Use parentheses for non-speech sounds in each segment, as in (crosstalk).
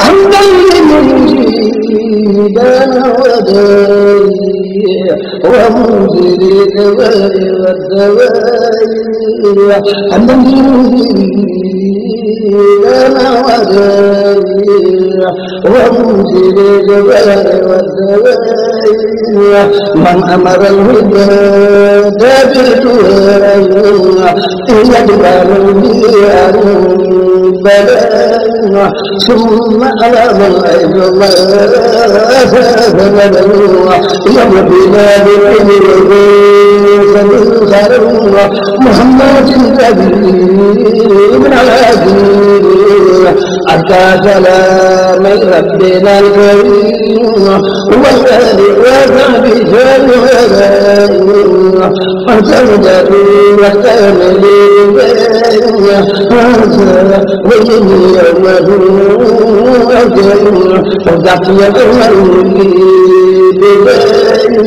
حمدا لمنجي دان وداي ومنزل الدواء والدواء حمدا لمنجي دان وداي ومنزل الدواء والدواء من أمر الهدى دابته إلى الدواء بلاء ثم على من أيضا فمن يوم بلاد الأمر فمن خير محمد النبي من عزيز أتى سلام ربنا الكريم هو الذي وسع بشرعه فسودته وكاملين هذا وجهي يوم هو أجل فزكي يوم الدين بدانية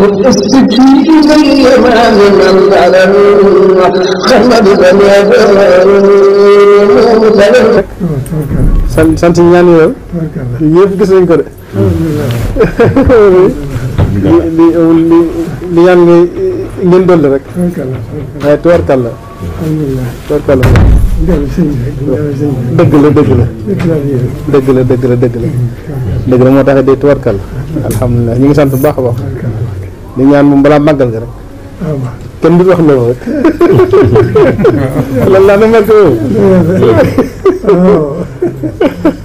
متأسكين اليمان sant ñaan yooyu yëpp gis nañ ko de li li li ñaan ngay ngeen dolli rek waaye tubarkàlla tubarkàlla dëgg la dëgg la dëgg la dëgg la dëgg la dëgg la moo tax de tubarkàlla alhamdulillah ñu ngi sant bu baax a baax di ñaan mu balaa magal ga rek kenn du wax loolu rek (laughs) lan laa na màggal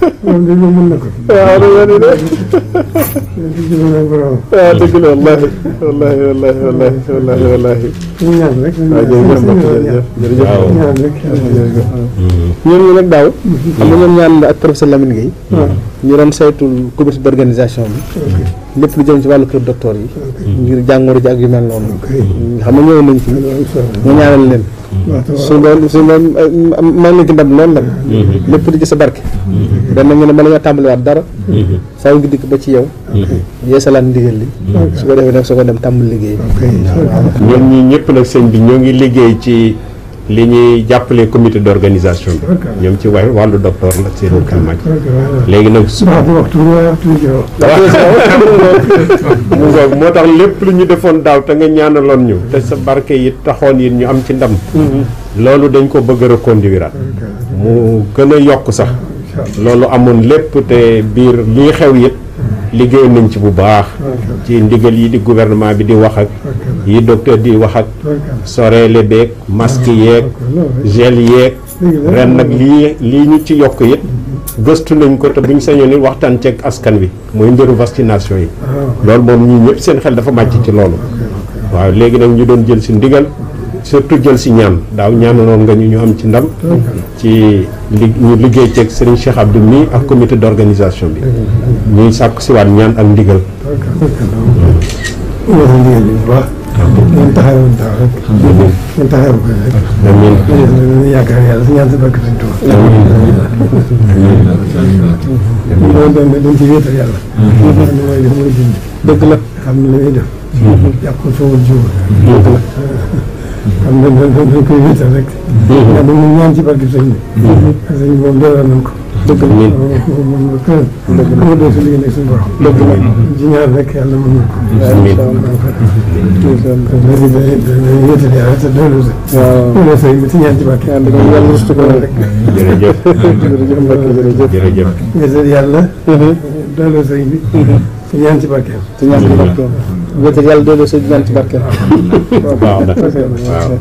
(laughs) (laughs) moom de moom mën na ko. waaw loolu la de. waaw dëgg la wallaahi wallaahi wallaahi wallaahi wallaahi wallaahi. ñu ñaan rek. waaw jërëjëf mbokk jërëjëf jërëjëf. waaw ñaan rek. ñoom ñu nag daaw. Mm-hmm. xam nga ñoom ñaan ak professeur Lamine Gueye. Mm-hmm. ñu doon saytul comité d'organisation bi. lépp lu jëm ci wàllu kër docteur yi. Hmm. ngir jàngoro ji ak yu mel noonu. xam nga ñëw nañ fi. Hmm. ñu ñaanal leen. Hmm. su doon suñu doon maa ngi ci ndam loolu nag. lépp li ci sa barke. benn ñu ne mën tàmbaliwaat dara. faaw ngi dikk ba ci yow. yeesalaat ndigal li. su ko defee nag soo ko dem tàmbali liggéey. ñoom ñii ñëpp nag sëñ bi ñoo ngi liggéey ci. li ñuy jàppale comité d' organisation bi ñoom ci wàll wàllu docteur la seen kalmaaj léegi nag su mu ngoog moo tax lépp lu ñu defoon daaw te nga ñaanaloon ñu te sa barke yi taxoon yi ñu am ci ndam mm-hmm. loolu dañ ko bëgg a reconduire mu gën a yokk sax loolu amoon lépp te biir lii xew it liggéey nañ ci bu baax ci ndigal yi di gouvernement bi di wax ak yi docteur di wax ak soreele beeg masque yeeg gel yeeg ren nag lii lii ñu ci yokk yëpp gëstu nañ ko te buñ sañoon ni waxtaan ceeg askan bi mooy mbiru vaccination yi ah, loolu moom ñii ñëpp seen xel dafa màcc ci loolu waaw léegi nag ñu doon jël si ndigal surtout jël ci ñaan daaw non nga ñu ñu am ci ndam ci ñu liggéey ci Serigne Cheikh Abdou mi ak comité d'organisation bi ñuy sàkk ci waat ñaan ak ndigal dëgg la xam ne xam nga dañ dañ dañ koy wéetal rek. ndax dañuy ñaan ci barke sëñ bi. ak sëñ boobu dooleel nañ ko. dëgg la moom moom la kër. dëgg la moom dootul liggéey ak suñu borom. dëgg la ci ñaan rek yàlla mën na ko. amiin waaw waaw dañuy dañuy wéetal yàlla te dooleel sa. waaw dooleel sëñ bi ci ñaan ci barke. yàlla dëgg la yàlla rustu ko rek. jërëjëf jërëjëf jërëjëf. wéetal yàlla. dooleel sëñ bi. te ñaan ci barkeem. te ñaan ci barkeem. bu dee yàlla doole soo ñaan ci barkeem. waaw (laughs) d'accord waaw.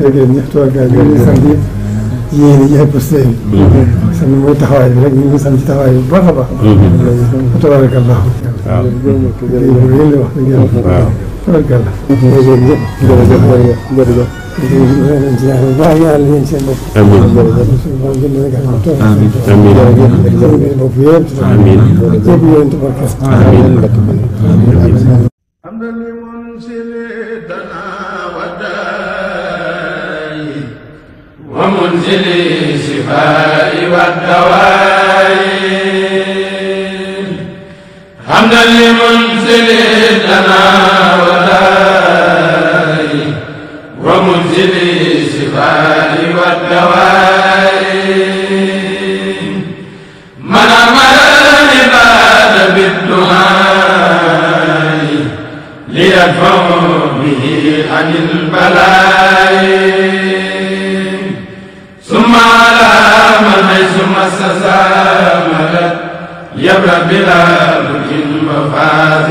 jërëjëf ñëpp toog ak yéen ñu sant yéen ñi ñëpp seen. Mm-hmm. sant mooy taxawaay bi rek ñu ngi sant ci taxawaay bu baax a baax. Mm-hmm. tabarakallah. waaw jërëjëf yéen li wax dëgg yàlla. waaw tabarakallah. jërëjëf jërëjëf jërëjëf amiin ومنزل الشفاء والدواء حمدا لمنزل لنا وداء ومنزل الشفاء والدواء من أمر العباد بالدعاء ليدفع به عن البلاء ثم على من حيث مس سامرت يبرأ بلا ملك وفاز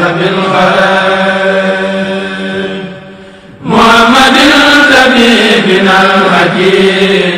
الحكيم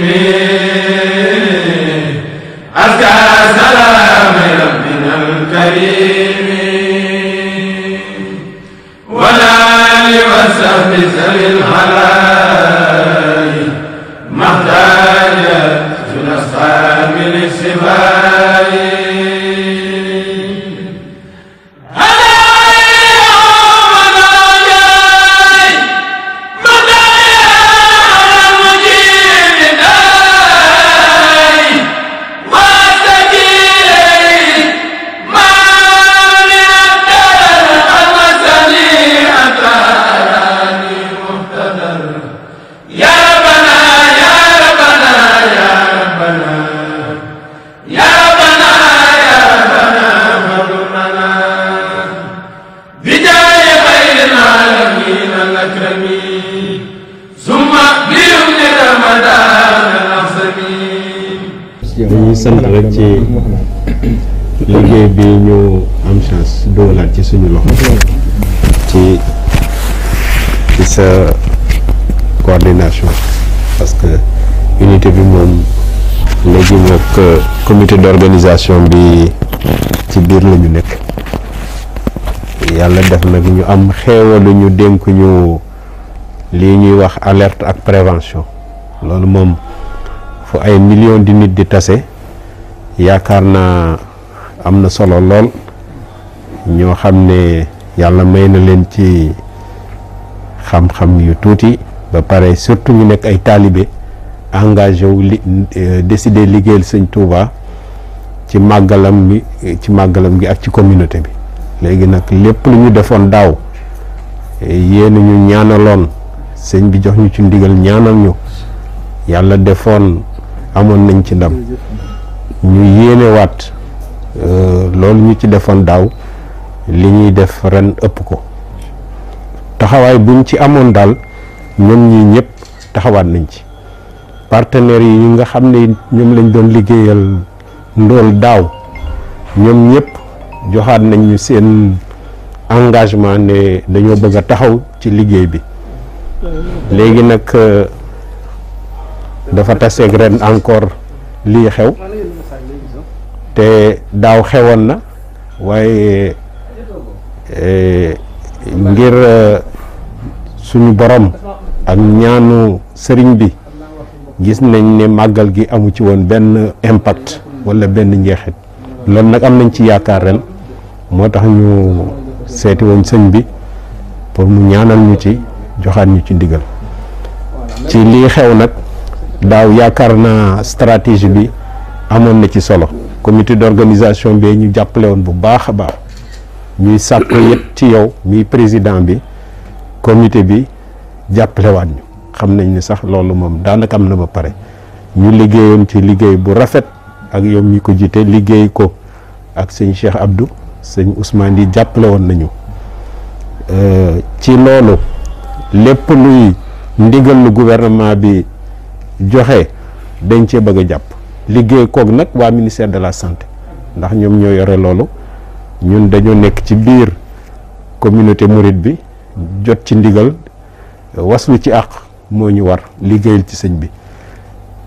dañuy sant ci liggéey bi ñu am chance doolaat ci suñu loxo ci ci sa coordination parce que unité bi moom léegi nag euh, comité d'organisation bi ci biir la ñu nekk yàlla def nag ñu am lu ñu dénk li lii ñuy wax alerte ak prévention loolu moom fu ay millions di nit di tase yaakaar naa am na solo lool ñoo xam ne yàlla may na leen ci xam-xam yu tuuti ba pare surtout ñu nekk ay taalibe engage wu li euh, décidé liggéeyal sëñ Touba ci màggalam bi ci màggalam gi ak ci communauté bi léegi nag lépp lu ñu defoon daaw yéen ñu ñaanaloon sëñ bi jox ñu ci ndigal ñaanal ñu yàlla defoon amoon nañ ci ndam ñu yéenewaat euh, loolu ñu ci defoon daaw li ñuy def ren ëpp ko taxawaay buñ ci amoon daal ñoom ñii ñëpp taxawaat nañ ci partenaires yi nga xam ne ñoom lañ doon liggéeyal ndool daaw ñoom ñëpp joxaat nañ ñu seen engagement ne dañoo bëgg a taxaw ci liggéey bi léegi nag euh, dafa taseeg ren encore lii xew te daaw xewoon na waaye eh, ngir eh, suñu borom ak ñaanu sëriñ bi gis nañ ne màggal gi amu ci woon benn impact walla benn njeexit loolu nag am nañ ci yaakaar ren moo tax ñu seeti woon sëñ bi pour mu ñaanal ñu ci joxaat ñu ci ndigal ci lii xew nag daaw yaakaar na stratégie bi amoon na ci solo comité d'organisation bi ñu jàppale woon bu baax a baax ñuy sàkk yëpp ci yow muy président bi comité bi jàppalewaat ñu xam nañ ni sax loolu moom daanaka am na ba pare ñu liggéeyoon ci liggéey bu rafet ak yow ñu ko jiite liggéey ko ak sëñ Cheikh Abdou sëñ Ousmane yi jàppale woon nañu euh, ci loolu lépp luy ndigal lu gouvernement bi joxe dañ cee bëgg jàpp liggéey kook nag waa ministère de la santé ndax ñoom ñoo yore loolu ñun dañoo nekk ci biir communauté mouride bi jot ci ndigal waslu ci àq moo ñu war liggéeyal ci sëñ bi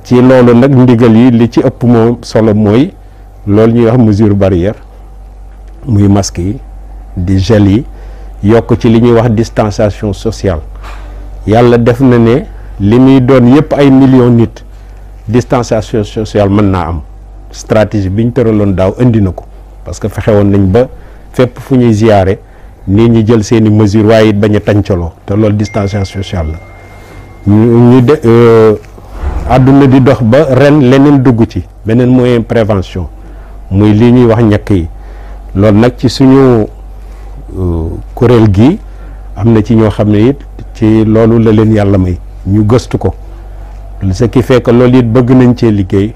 ci loolu nag ndigal yi li ci ëpp moom solo mooy loolu ñuy wax mesure barrière muy masque yi di gel yi yokk ci li ñuy wax distanciation sociale yàlla def na ne limi don doon yépp ay million nit distanciation sociale mën naa am stratégie biñ ñu tëraloon daaw indi na ko parce que fexe nañ ba fépp fu ñuy ziyaare nit ñi jël seeni mesure waaye it bañ a te loolu distanciation sociale la ñu de euh, àdduna di dox ba ren leneen dugg ci beneen moyen prévention muy li ñuy wax ñàkk yi loolu nag ci suñu euh, kuréel gi am na ci ñoo xam ne ci loolu la leen yàlla may ñu gëstu ko ce qui fekk loolu it bëgg nañ cee liggéey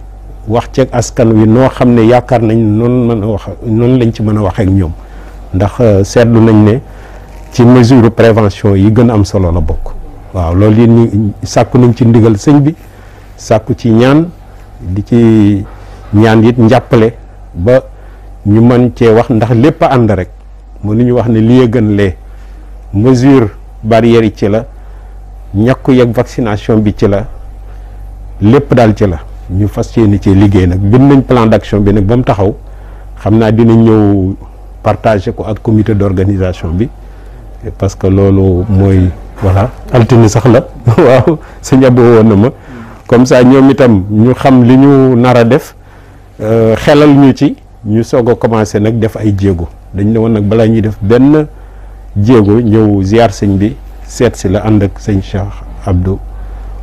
wax ceeg askan wi noo xam ne yaakaar nañ noonu mën a wax noonu lañ ci mën a waxeek ñoom ndax euh, seetlu nañ ne ci mesure prévention yi gën a am solo la bokk waaw loolu yit ñu sàkku nañ ci ndigal sëñ bi sàkku ci ñaan di ci ñaan it njàppale ba ñu mën cee wax ndax lépp a ànd rek mënuñu wax ne lii gën lee mesure barrière yi ci la ñàkku yeeg vaccination bi ci la lépp daal ci la ñu fas yéene ci liggéey nag bind nañ plan d'action bi nag ba mu taxaw xam naa dina ñëw partager ko ak comité d'organisation bi parce que loolu mooy voilà altine sax la (laughs) waaw sa ñabo woon na ma comme ça ñoom itam ñu xam li ñu nar a def euh, xelal ñu ci ñu soog a commencé nag def ay jéego dañ ne woon nag balaa ñuy def benn jéego ñëw ziar sëñ bi seet si la ànd ak sëñ Cheikh Abdou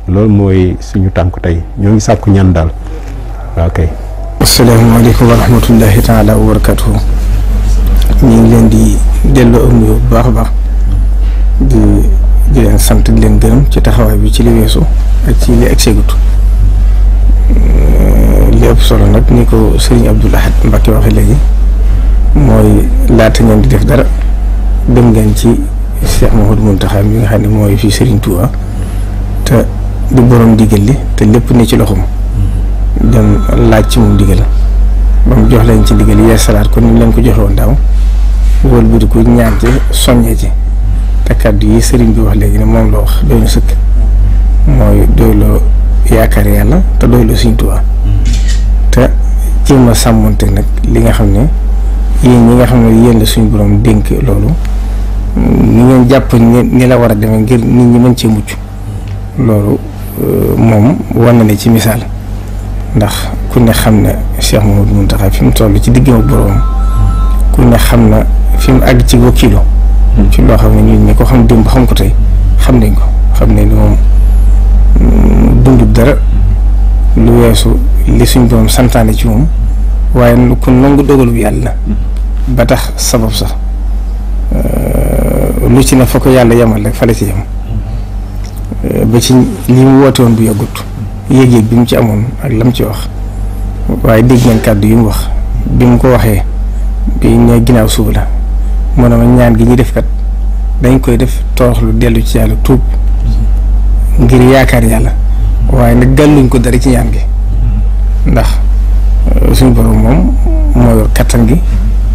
loolu mooy suñu tànk tey ñoo ngi sàkku ñaan daal waaw kay. asalaamaaleykum wa rahmatullahi taala wa barakatuhu ñu leen di delloo am bu baax a baax di di sant di leen gërëm ci taxawaay bi ci li weesu ak ci li egsegut li ëpp solo nag ni ko Serigne Abdoul Ahad Mbacké waxee léegi mooy laata ngeen di def dara dem ngeen ci. Cheikh Mouhamadou Mountakha mi nga xam ne mooy fii Serigne Touba te du borom ndigal li te lépp ne ci loxoom mm-hmm. dem laaj ci moom ndigal ba mu jox leen ci ndigal yi salaat ko ni leen ko joxe woon daaw wóol bi ko ñaan ci soññee ci te yi sëriñ bi wax léegi ne moom la wax doy na sëkk mooy doy loo yaakaar yàlla te doy loo Serigne Touba mm-hmm. te jéem a sàmmonte nag li nga xam ne yéen ñi nga xam ne yéen la suñu borom dénk loolu. ni ngeen jàpp ni la war a deme ngir nit ñi mën cee mucc loolu euh, moom war na ne ci misaal ndax ku ne xam ne Cheikh Mamadou Mountakha fi mu toll ci diggam ak boroom ku ne xam na fi mu àgg ci wakiilo ci loo xam ne ñun ñi ko xam démb xam ko tey xam nañ ko xam ne moom mm, dundut dara lu weesu li suñ borom santaane ci moom waaye ku nangu dogalu bi yàlla ba tax sabab sax euh, lu ci ne fa ko yàlla yemal rek fale ci yem eh, ba ci li mu woote woon bu yàggut yëg-yëg bi mu ci amoon ak lam ci wax waaye dégg kàddu yi mu wax bi mu ko waxee bi ñooy ginnaaw suuf la mu ne ñaan gi ñu def kat dañ koy def lu dellu ci yàlla tuub ngir yaakaar yàlla waaye nag gàlluñ ko dara ci ñaan gi ndax eh, suñu borom moom moo yor kattan gi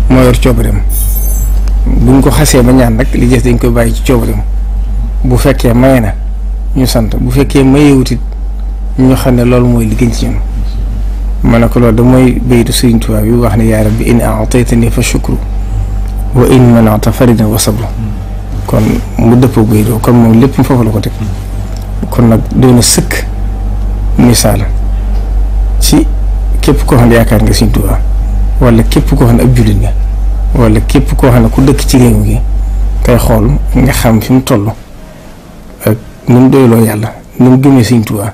moo yor coobareem buñ ko xasee ba ñaan rek li des dañ koy bàyyi ci coobaram bu fekkee maye na ñu sant bu fekkee mayewutit ñu xam ne loolu mooy li gën ci ñun ma ne ko loolu da mooy baytu Sëriñ Tuubaa wax ne yaa rabbi in a'taytani fa shukru wa in mana'ta farida wa sabru kon mu dëppoo baytoo kon lépp foofu ko teg kon nag doona sëkk misaal ci képp koo xam ne yaakaar nga Sëriñ Tuubaa wala képp koo xam ne ab jullit nga wala képp koo xam ne ku dëkk ci réew gi tey xool nga xam fi mu toll ak ni mu doyloo yàlla ni mu gëmee Sëñ Tuubaa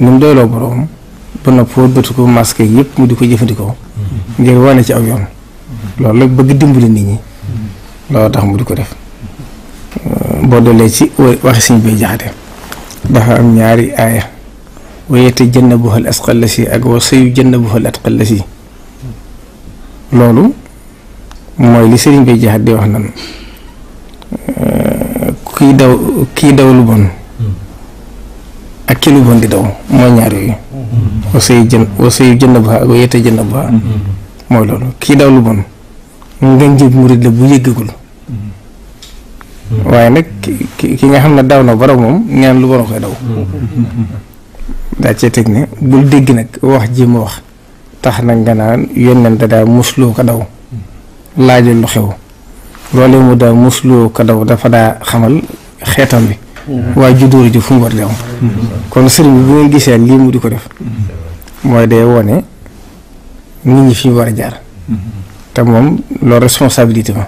ni mu doyloo borom ba noppoo bëtu ko masque yëpp mu di ko jëfandikoo ngir wane ci aw yoon loolu rek bëgg dimbali nit ñi tax mu di ko def boo doolee ci waxi Sëñ Bay Jaxate dafa ñaari aaya wayete jënn bu xal si ak wa sëyu jënn bu xal atqal la si loolu mooy li sëriñ bi jaxat di wax nan euh, kii daw kiy lu bon ak ki lu bon di daw mooy ñaar yooyu wasayu mm-hmm. jën wasayu jënd bu ak yette jënd bu mm-hmm. mooy loolu kiy daw lu bon nga njëg murit la bu yëggagul mm-hmm. waaye nag ki ki nga xam ne daw na borom moom ñaan lu bon koy daw daa cee teg ne bul dégg nag wax ji mu wax tax nag nga naan yónneen da daa musloo ko daw laaj lu xew loolu mu daa mosuloo ko dafa daa xamal xeetam bi mm-hmm. waaye juddóor ji fu mu war di am mm-hmm. kon sëriñ bi bu gisee lii mu di ko def mm-hmm. mooy day wone nit ñi fi war a jaar te moom loolu responsabilité ma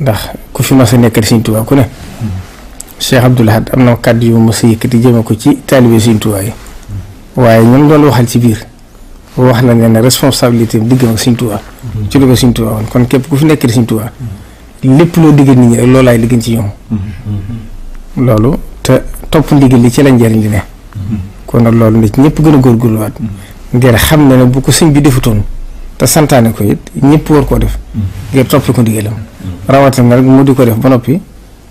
ndax ku fi mas a nekkal Sëriñ Tuubaa ku ne Cheikh Abdoul Ahad am na kàddu yu mas a yëkkati jëme ko ci taalibe Sëriñ Tuubaa yi waaye ñoom doon waxal ci biir wax na ne ne responsabilité am diggam ak Sëriñ Tuubaa ci lu ko Sëriñ Tuubaa woon kon képp ku fi nekk di Sëriñ Tuubaa lépp loo diggal nit ñi rek loolaay liggéey ci ñoom loolu te topp ndigal li ci la njëriñ li ne kon nag loolu nit ñëpp gën a góorgóorluwaat ngir xam ne ne bu ko sëñ bi defutoon te santaane ko it ñëpp war koo def ngir toppi ko ndigalam rawatina nag mu di ko def ba noppi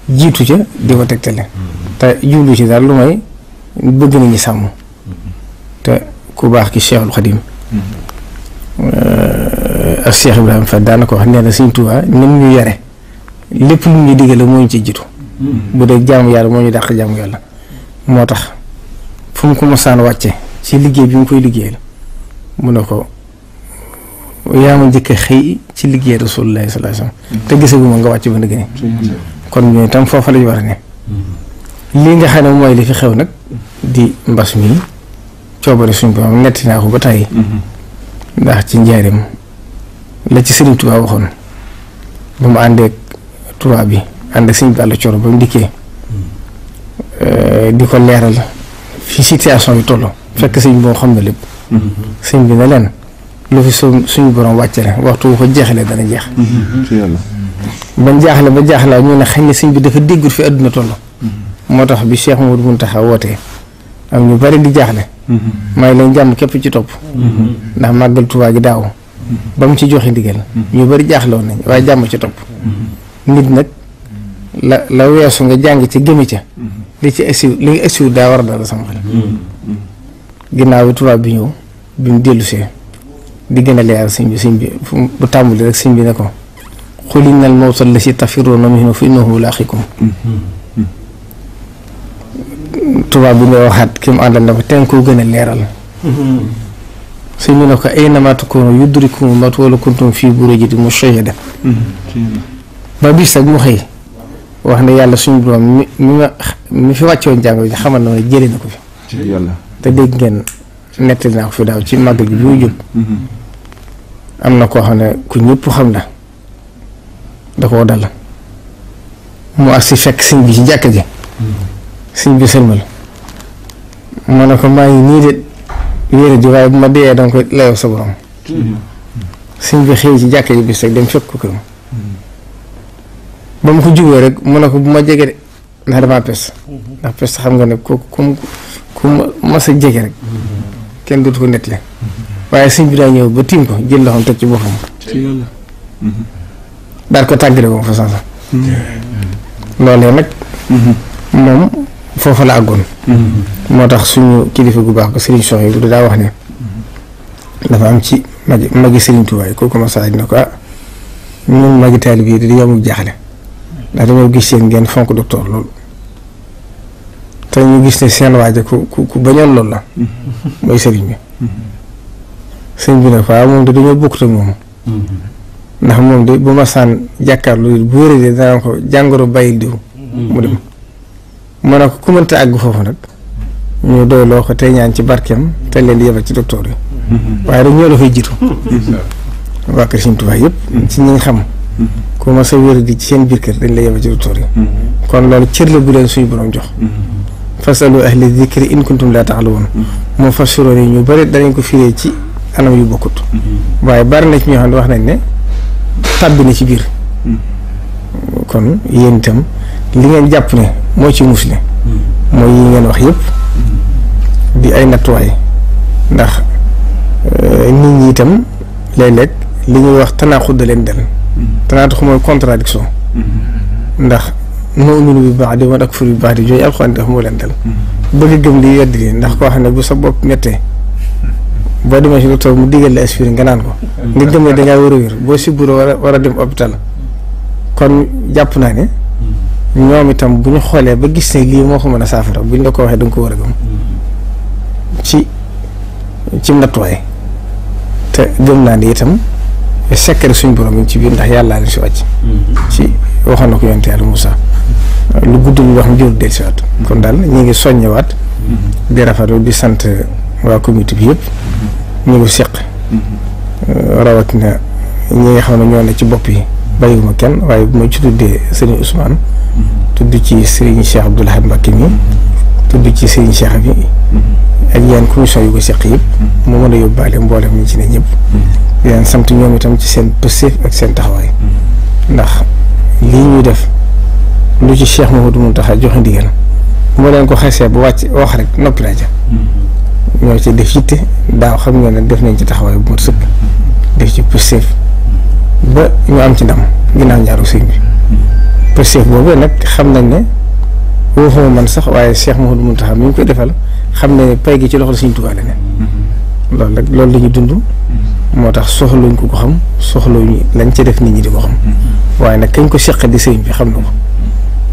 jiitu ca di ko tegtale te jublu ci daal lu may bëgg nañu sàmm te ku baax ki Cheikhul Khadim Euh, ak Cheikh Ibrahima Fall daana ko wax nee na Sëriñ Tuubaa mu ñu yare lépp lu ñu digale moo ñu ci jitu mm-hmm. bu dee jaamu yàlla moo ñu dàq jaamu yàlla moo tax fu mu ko mosaan wàcce ci liggéey bi mu koy liggéeyal mu ne ko yaa ma njëkk a xëy ci liggéey Rasulullaahi sallallaahu alayhi wa sallam te gisaguma nga wàcc ba nga gën kon ñun itam foofa la ñu war a ne mm-hmm. lii nga xam ne mooy li fi xew nag di mbas mi coobare suñ borom netti naa ko ba tàyyi mm-hmm. ndax ci njaarim la ci sëriñ Tuubaa waxoon ba mu àndeek tubaab bi ànd ak sëñ Balla Coro ba mu dikkee mm-hmm. eh, di ko leeral fi situation bi toll fekk mm-hmm. sëñ boo xam ne lépp sëñ bi ne leen lu fi suñu borom wàcce la waxtu wu ko jeexalee dana jeex ban jaaxle ba jaaxlaa ñu ne xañ ne sëñ bi dafa déggul fi àdduna toll moo tax bi Cheikh Mouhamadou Mountakha wootee am ñu bari di jaaxle Mm-hmm. may leen jàmm képp ci topp mm-hmm. ndax màggal Tuubaa gi daaw mm-hmm. ba mu ci joxe ndigal ñu bari jaaxloo nañ waaye jàmm ci topp nit nag la la weesu nga jàng ci gémmi ca li ci ëssiw li nga ëssiw daa war a sama xel ginnaaw bi tubaab bi ñëw bi mu dellusee di gën a leer sëñ bi sëñ bi bu tàmbali rek sëñ bi ne ko xuliñ nal mawtal la si tafiroona minhu fa innahu laaqikum tubaab bi nga waxaat ki mu àndal ne ko ten koo gën a leeral mm-hmm. su ñu ne ko ay namaatukoono yudrikum mat wala kuntum fii burujin mushayyada mm-hmm. ba bis nag mu xëy wax ne yàlla suñu borom mi mi ma mi fi wàccoon jàng bi te dégg ngeen nettali naa ko fi daaw ci màgg bi bu jub mm-hmm. am na koo xam ne ku ñëpp xam la da koo dal mu agsi fekk sëñ bi ci jàkka ji sëñ bi sëlmal ma ne ko maa ngi nii de wéer waaye bu ma dee danga koy layoo sa borom sëñ bi xëy ci jàkk ji bis rek dem fekk ko këram ba mu ko juboo rek mu ne ko bu ma jege de ndax damaa pes ndax pes xam nga ne ko ku ku ma sa jege rek kenn dootu ko nettali waaye sëñ bi daa ñëw ba tiim ko jël loxoom teg ci boppam daal ko tàggale ko fa sansa loolee nag moom foofa la àggoon mm-hmm. moo tax suñu kilifa gu baax ko sëriñ sox yi da daa wax ne mm-hmm. dafa am ci magi magi sëriñ Tuubaa ko commencé na ko ah ñun magi taalib yi di yomul jaaxle ndax dañoo gis seen ngeen fonk docteur loolu te ñu gis ne seen waaj ku ku ku bañoon loolu la mm-hmm. mooy sëriñ bi sëriñ bi nag ah, waaw moom de dañoo bokkut ak moom ndax moom de bu ma saan jàkkaarloo bu wéree de danaa ko jàngoro bàyyil diw mu dem mu ne ko ku mënta àgg foofu nag ñu doy loo ko tey ñaan ci barkeem te leen di yebal ci docteur yi waaye dañ ñoo dafay jiitu waa kër Sëriñ Tuubaa yëpp ci ñi ñu xam ku ma sa wér di ci seen biir kër dañ la yebal ci docteur yi kon loolu cër la bu leen suñu borom jox fasalu ahli dikri in kuntum laa la ta'lamuun moo fassiroon yi ñu bëri danañ ko firee ci anam yu bokkut waaye bari na ci ñoo xam ne wax nañ ne tàbbi na ci biir kon yéen itam li ngeen jàpp ne moo ci musle mooy yi ngeen wax yëpp di ay nattuwaay ndax euh, nit ñi itam léeg-léeg li ñuy wax tanaaxud da leen del tanaaxud mooy contradiction ndax nu'minu bi baax di wa nakfuru bi baax di jooju alxuraan def moo leen del bëgg gëm li yedd li ndax koo xam ne bu sa bopp méttee boo demee si docteur mu digal la aspirine nga naan ko nga gëm ne dangaa war a wér boo si buur war a war a dem hôpital kon jàpp naa ne ñoom itam bu ñu xoolee ba gis ne lii moo ko mën a saafara bu ñu la ko waxee da ko war a gëm ci ci nattuwaay te gëm naa ni itam sekkari suñ borom yi ci biir ndax yàllaa leen si wàcc mhm. ci waxoon na ko yonte yàlla Moussa lu gudd lu wax njur del si waat kon daal ñu ngi soññewaat mhm. di rafetlu di sant waa comité bi yëpp mhm. ñu ngi seq rawatina ñi nga xam ne ñoo ne ci bopp yi bàyyiwuma kenn waaye bu ma ci tuddee sëriñ Ousmane tudd ci sëriñ Cheikh Abdoul Ahad Mbacké mi tudd ci sëriñ Cheikh bi ak yeneen commission yu seq yëpp mu mën a yóbbaale mboolem ñi ci ne ñëpp di leen sant ñoom itam ci seen pëstéef ak seen taxawaay ndax lii ñuy def lu ci Cheikh Mouhamadou Mountakha joxe ndigal moo leen ko xesee bu wàcc wax rek noppi naa ja ñoo ci def yitte daaw xam nga ne def nañ ci taxawaay bu mat sëkk def ci pëstéef ba ñu am ci ndam ginnaaw ñaaru sëñ bi Pastef boobu nag xam nañ ne waxuma man sax waaye Cheikh Mouhamadou Mountakha mi ngi koy defal xam ne pay gi ci loxol Sëriñ Tuubaa la ne mhm. loolu nag loolu la ñu dund mhm. moo tax soxluñ ko ko xam soxluñ lañ ci def nit ñi di ko xam mhm. waaye nag kañ ko seq di sëriñ bi xam na ko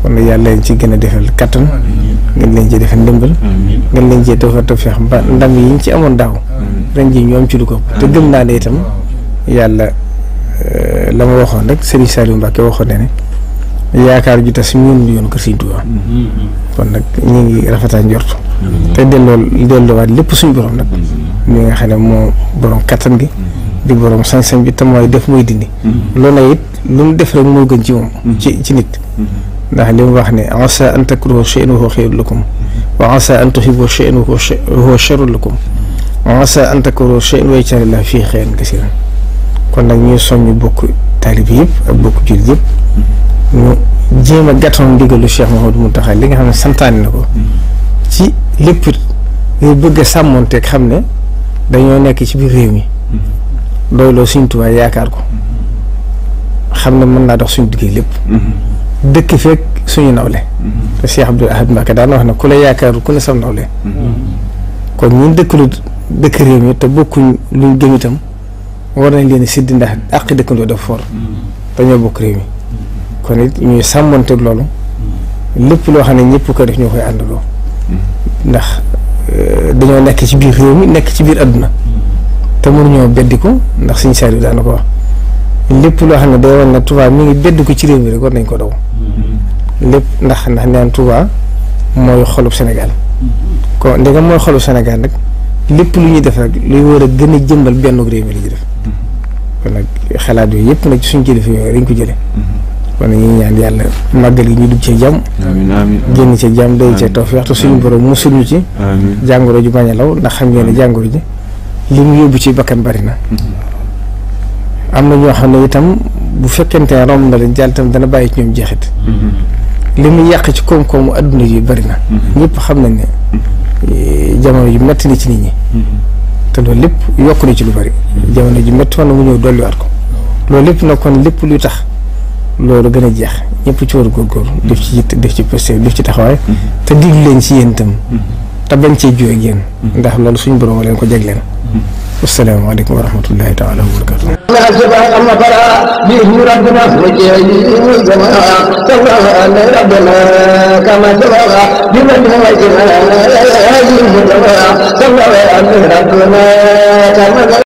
kon yàlla leen ci gën a defal kattan ngeen leen ci defal ndimbal ngeen leen jee defal tawfeex ba ndam yi ñu ci amoon daaw ren ji ñu am ci lu ko te gëm naa ne itam yàlla euh, la ma waxoon rek Serigne Saliou Mbacke waxoon ne yaakaar ju tas ñun yoon kër Sëriñ kon nag ñu ngi rafetaa njort te lépp suñu borom nag mi moo borom kattan gi borom sañ bi te mooy def mooy dindi loolu na def rek moo gën ci ndax li mu ne asa an takrahu an tuhibbu shay'an wa huwa sharrun lakum wa asa an kon nag ñuy soññ bokk taalib yëpp ak bokk jullit yëpp ñu jéem a gàttoon ndigalu Cheikh Mouhamadou Mountakha li nga xam ne santaane na ko ci lépp ñu bëgg a sàmmoonteeg xam ne dañoo nekk ci biir réew mi doyloo suñ tubaab yaakaar ko xam ne mën naa dox suñu diggee lépp dëkk feeg suñu nawle te Cheikh Abdoul Ahad Mbacké daan wax ne ku la yaakaaru ku ne sam nawle kon ñun dëkkalu dëkk réew mi te bokkuñ luñ gëm itam war nañ leen a siddi ndax àq dëkkandoo def for dañoo bokk réew mi kon it ñuy sàmmanteeg loolu lépp loo xam ne ñëpp ko def ñoo koy àndaloo ndax euh, dañoo nekk ci biir réew mi nekk ci biir àdduna te mënuñoo beddi ko ndax suñu saar yi daana ko wax lépp loo xam ne day wan ne Touba ngi bedd ko ci réew mi war nañ ko daw ndax ndax naan Touba mooy xolub Sénégal kon ndegam mooy xolub Sénégal nag lépp lu ñuy def rek luy war a gën a jëmbal benn réew mi la ñuy kon nag xalaat yooyu yëpp nag suñu kilifa yooyu dañ ko jëlee. kon ñu ñaan yàlla màggal gi ñu dugg ci jàmm génn ci jàmm day ci tawfiix waxtu suñu borom musul ñu ci jàngoro ji bañ a law ndax xam ngeen ne jàngoro ji li mu ci bakkan bari na mm-hmm. na ñoo xam ne itam bu fekkente ne romb na leen jàll dana bàyyi ci ñoom jeexit mm-hmm. li muy yàq ci koom-koomu adduna yi bari na mm-hmm. ñëpp xam nañ ne jamono ji metti na ci nit ñi te loolu lépp yokk na ci lu bari jamono ji metti woon na mu ñëw dolliwaat ko loolu lépp nag kon lépp luy tax loolu gën a jeex ñëpp ci war a góorgóorlu def ci yitt def ci posté def ci taxawaay te diglu leen ci yéen itam te bañ cee jooy ak yéen ndax loolu suñu borom leen ko jagleen asalaamaaleykum wa rahmatullahi taala wa barakatu ama bara biismi rabbina wajeeyi jamaa sabaa ala rabbina kama sabaa bimanni wajina ayi jamaa sabaa ala rabbina kama